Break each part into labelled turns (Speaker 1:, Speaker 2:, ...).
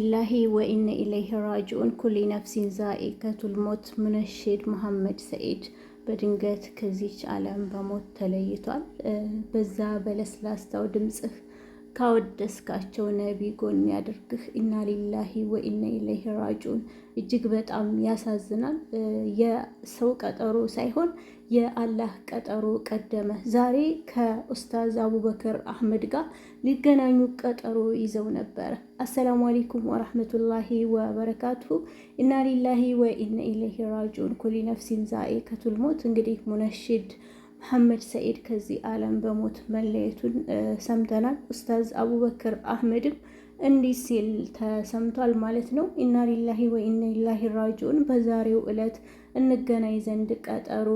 Speaker 1: ኢላሂ ወኢነ ኢለይሂ ራጅኡን ኩሊ ነፍሲን ዛኢቀቱል ሞት ሙነሺድ መሐመድ ሰኢድ በድንገት ከዚች ዓለም በሞት ተለይቷል። በዛ በለስላሳው ድምፅህ ካወደስካቸው ነቢ ጎን ያድርግህ። ኢና ሊላሂ ወኢና ኢለይሂ ራጂዑን። እጅግ በጣም ያሳዝናል። የሰው ቀጠሮ ሳይሆን የአላህ ቀጠሮ ቀደመ። ዛሬ ከኡስታዝ አቡበከር አህመድ ጋር ሊገናኙ ቀጠሮ ይዘው ነበረ። አሰላሙ አለይኩም ወራህመቱላሂ ወበረካቱሁ። ኢና ሊላሂ ወኢና ኢለይሂ ራጂዑን። ኩሊ ነፍሲን ዛኢቀቱል ሞት። እንግዲህ ሙነሽድ መሐመድ ሰኢድ ከዚህ ዓለም በሞት መለየቱን ሰምተናል። ኡስታዝ አቡበክር አህመድም እንዲህ ሲል ተሰምቷል ማለት ነው። ኢና ሊላሂ ወኢና ኢላሂ ራጂዑን በዛሬው ዕለት እንገናኝ ዘንድ ቀጠሮ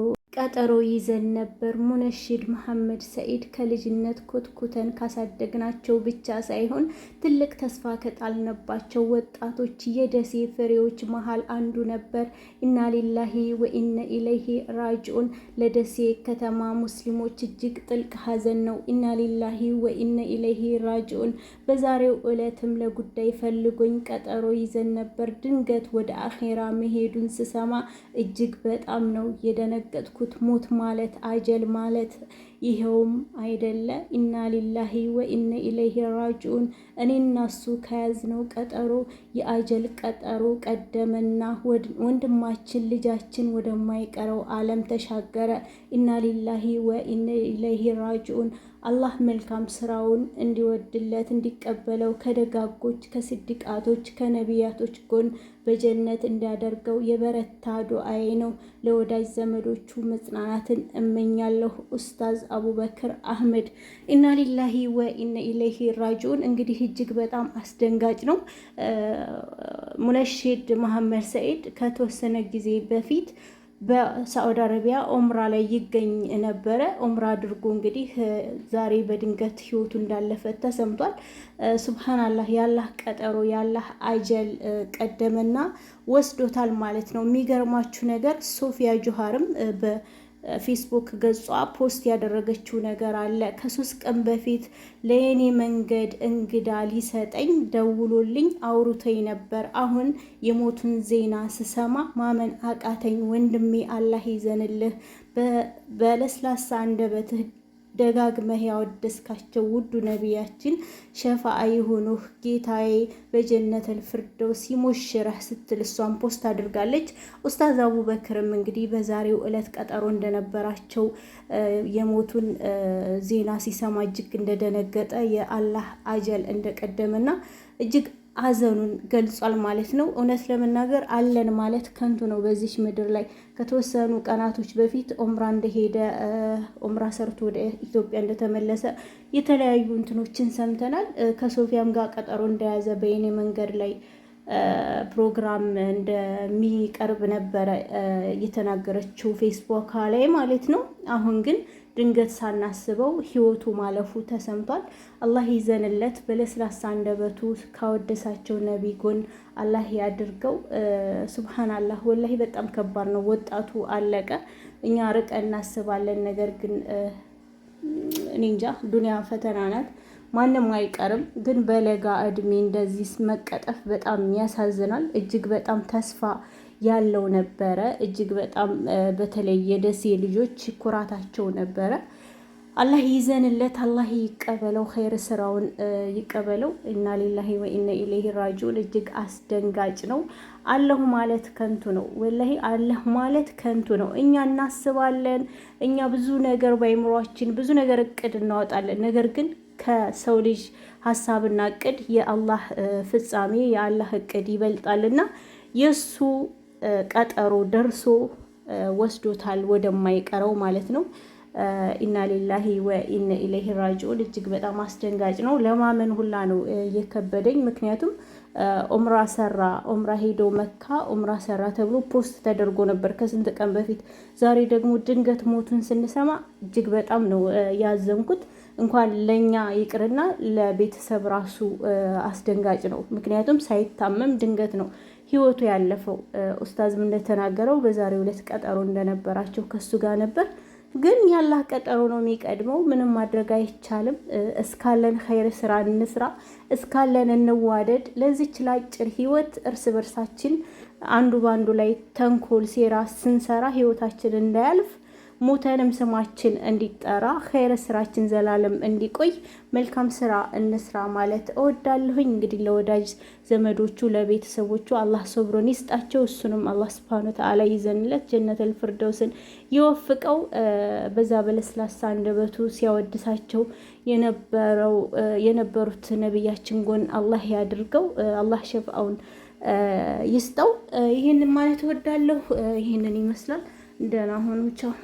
Speaker 1: ቀጠሮ ይዘን ነበር። ሙነሽድ መሐመድ ሰኢድ ከልጅነት ኮትኩተን ካሳደግናቸው ብቻ ሳይሆን ትልቅ ተስፋ ከጣልነባቸው ወጣቶች የደሴ ፍሬዎች መሀል አንዱ ነበር። ኢና ሊላሂ ወኢነ ኢለይሂ ራጅኡን። ለደሴ ከተማ ሙስሊሞች እጅግ ጥልቅ ሀዘን ነው። ኢና ሊላሂ ወኢነ ኢለይሂ ራጅኡን። በዛሬው ዕለትም ለጉዳይ ፈልጎኝ ቀጠሮ ይዘን ነበር። ድንገት ወደ አኼራ መሄዱን ስሰማ እጅግ በጣም ነው የደነገጥኩ። እንዳልኩት ሞት ማለት አጀል ማለት ይሄውም አይደለ ኢና ሊላሂ ወኢነ ኢለይሂ ራጅዑን። እኔ እናሱ ከያዝነው ቀጠሮ የአጀል ቀጠሮ ቀደመና ወንድማችን ልጃችን ወደማይቀረው ዓለም ተሻገረ። ኢና ሊላሂ ወኢነ ኢለይሂ ራጅዑን። አላህ መልካም ስራውን እንዲወድለት እንዲቀበለው ከደጋጎች ከስድቃቶች ከነቢያቶች ጎን በጀነት እንዲያደርገው የበረታ ዱአዬ ነው። ለወዳጅ ዘመዶቹ መጽናናትን እመኛለሁ ኡስታዝ አቡበክር አህመድ። ኢና ሊላሂ ወኢነ ኢለይሂ ራጅዑን። እንግዲህ እጅግ በጣም አስደንጋጭ ነው። ሙነሺድ መሐመድ ሰኢድ ከተወሰነ ጊዜ በፊት በሳዑዲ አረቢያ ኦምራ ላይ ይገኝ ነበረ። ኦምራ አድርጎ እንግዲህ ዛሬ በድንገት ህይወቱ እንዳለፈ ተሰምቷል። ሱብሃናላህ፣ ያላህ ቀጠሮ ያላህ አጀል ቀደመና ወስዶታል ማለት ነው። የሚገርማችሁ ነገር ሶፊያ ጆሃርም ፌስቡክ ገጿ ፖስት ያደረገችው ነገር አለ። ከሶስት ቀን በፊት ለየኔ መንገድ እንግዳ ሊሰጠኝ ደውሎልኝ አውርቶኝ ነበር። አሁን የሞቱን ዜና ስሰማ ማመን አቃተኝ። ወንድሜ አላህ ይዘንልህ በለስላሳ አንደበትህ ደጋግመህ ያወደስካቸው ውዱ ነቢያችን ሸፋአ የሆኑህ ጌታዬ በጀነተል ፊርደውስ ሲሞሽረህ ስትል እሷን ፖስት አድርጋለች። ኡስታዝ አቡበክርም እንግዲህ በዛሬው ዕለት ቀጠሮ እንደነበራቸው የሞቱን ዜና ሲሰማ እጅግ እንደደነገጠ የአላህ አጀል እንደቀደመና እጅግ ሐዘኑን ገልጿል ማለት ነው። እውነት ለመናገር አለን ማለት ከንቱ ነው በዚች ምድር ላይ። ከተወሰኑ ቀናቶች በፊት ኦምራ እንደሄደ ኦምራ ሰርቶ ወደ ኢትዮጵያ እንደተመለሰ የተለያዩ እንትኖችን ሰምተናል። ከሶፊያም ጋር ቀጠሮ እንደያዘ በየኔ መንገድ ላይ ፕሮግራም እንደሚቀርብ ነበረ የተናገረችው ፌስቡክ ላይ ማለት ነው። አሁን ግን ድንገት ሳናስበው ህይወቱ ማለፉ ተሰምቷል። አላህ ይዘንለት፣ በለስላሳ አንደበቱ ካወደሳቸው ነቢ ጎን አላህ ያድርገው። ሱብሃናላህ ወላሂ በጣም ከባድ ነው። ወጣቱ አለቀ። እኛ ርቀ እናስባለን። ነገር ግን እኔ እንጃ ዱንያ ፈተና ናት። ማንም አይቀርም። ግን በለጋ እድሜ እንደዚህ መቀጠፍ በጣም ያሳዝናል። እጅግ በጣም ተስፋ ያለው ነበረ። እጅግ በጣም በተለይ የደሴ ልጆች ኩራታቸው ነበረ። አላህ ይዘንለት፣ አላህ ይቀበለው፣ ኸይር ስራውን ይቀበለው። እና ሊላሂ ወኢነ ኢለይሂ ራጂዑን እጅግ አስደንጋጭ ነው። አለሁ ማለት ከንቱ ነው። ወላሂ አለሁ ማለት ከንቱ ነው። እኛ እናስባለን፣ እኛ ብዙ ነገር በአይምሯችን ብዙ ነገር እቅድ እናወጣለን። ነገር ግን ከሰው ልጅ ሀሳብና እቅድ የአላህ ፍጻሜ የአላህ እቅድ ይበልጣልና የእሱ ቀጠሮ ደርሶ ወስዶታል ወደማይቀረው ማለት ነው። ኢና ሊላሂ ወኢነ ኢለይሂ ራጂዑን እጅግ በጣም አስደንጋጭ ነው። ለማመን ሁላ ነው የከበደኝ። ምክንያቱም ኦምራ ሰራ ኦምራ ሄዶ መካ ኦምራ ሰራ ተብሎ ፖስት ተደርጎ ነበር ከስንት ቀን በፊት። ዛሬ ደግሞ ድንገት ሞቱን ስንሰማ እጅግ በጣም ነው ያዘንኩት። እንኳን ለእኛ ይቅርና ለቤተሰብ ራሱ አስደንጋጭ ነው። ምክንያቱም ሳይታመም ድንገት ነው ህይወቱ ያለፈው። ኡስታዝም እንደተናገረው በዛሬው ዕለት ቀጠሮ እንደነበራቸው ከሱ ጋር ነበር ግን ያላህ ቀጠሮ ነው የሚቀድመው። ምንም ማድረግ አይቻልም። እስካለን ኸይር ስራ እንስራ፣ እስካለን እንዋደድ። ለዚች ላጭር ህይወት እርስ በርሳችን አንዱ በአንዱ ላይ ተንኮል፣ ሴራ ስንሰራ ህይወታችን እንዳያልፍ ሞተንም ስማችን እንዲጠራ ኸይረ ስራችን ዘላለም እንዲቆይ መልካም ስራ እንስራ ማለት እወዳለሁኝ። እንግዲህ ለወዳጅ ዘመዶቹ ለቤተሰቦቹ አላህ ሶብሮን ይስጣቸው። እሱንም አላህ ስብሃነ ወተዓላ ይዘንለት ጀነተል ፊርደውስን ይወፍቀው። በዛ በለስላሳ አንደበቱ ሲያወድሳቸው የነበረው የነበሩት ነብያችን ጎን አላህ ያድርገው። አላህ ሸፍአውን ይስጠው። ይህንን ማለት እወዳለሁ። ይህንን ይመስላል። ደህና ሆኑ። ቻው